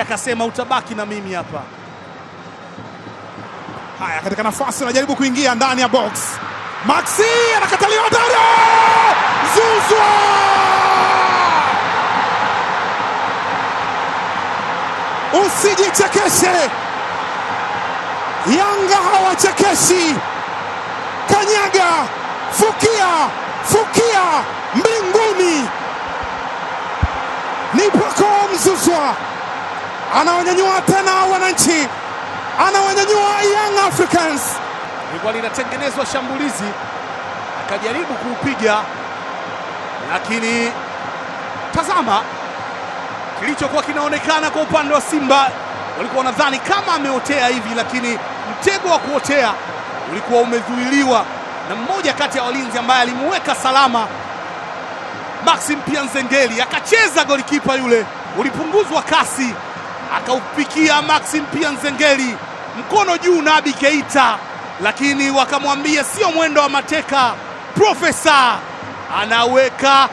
Akasema utabaki na mimi hapa. Haya, katika nafasi anajaribu kuingia ndani ya box. Maxi anakataliwa ndani, Zuzwa usijichekeshe, Yanga hawachekeshi. Kanyaga, fukia, fukia mbinguni, ni pako Mzuzwa anawanyanyua tena wananchi, anawanyanyua Young Africans. Ilikuwa linatengenezwa shambulizi, akajaribu kuupiga, lakini tazama kilichokuwa kinaonekana kwa upande wa Simba. Walikuwa wanadhani kama ameotea hivi, lakini mtego wa kuotea ulikuwa umezuiliwa na mmoja kati ya walinzi ambaye alimuweka salama Maxim Nzengeli, akacheza golikipa yule, ulipunguzwa kasi akaupikia Maxim pia Nzengeli mkono juu, Nabi Keita, lakini wakamwambia sio mwendo wa mateka. Profesa anaweka